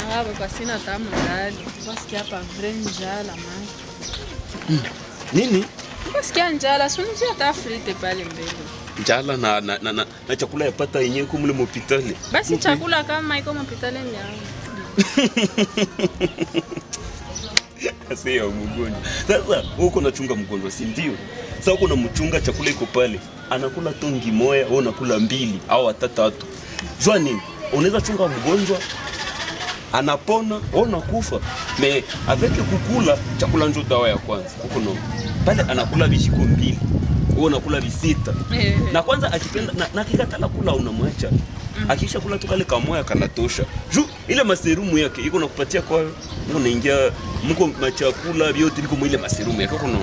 nangabe kwasina njala mani hmm. nini kwasikia frite pale mbele njala na, na, na, na, na chakula yapata yenyewe kumule mopitale basi chakula kama iko mopitale ni sio mgonjwa. Sasa uko unachunga mgonjwa, si ndio? Sasa uko unamchunga, chakula iko pale, anakula tongi moya, wewe unakula mbili au tatu. Jua nini? unaweza chunga mgonjwa anapona wewe unakufa. Me avec kukula chakula njo dawa ya kwanza huko no. Pale anakula vishiko mbili, wewe unakula visita. Na kwanza akipenda na, na kikatala kula unamwacha. Mm. Akisha kula tu kale kamoya kanatosha. Juu ile maserumu yake iko nakupatia kwa wewe unaingia mko machakula vyote liko mwile maserumu yake huko no.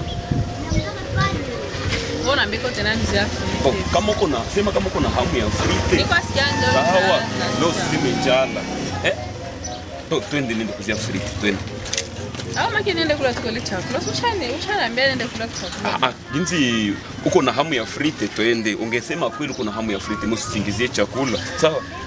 Mbiko tena ni zafi. Oh, kama uko na sema kama uko na hamu ya frite. Niko asikianga nimejaala. Eh? To, twende niende kuzia friti, twende. Au ah, maki niende kula chakula chakula. Ushani, ushaniambia niende kula chakula. Ah, ah, jinsi uko na hamu ya friti twende. Ungesema kweli uko na hamu ya friti, msisingizie chakula. Sawa?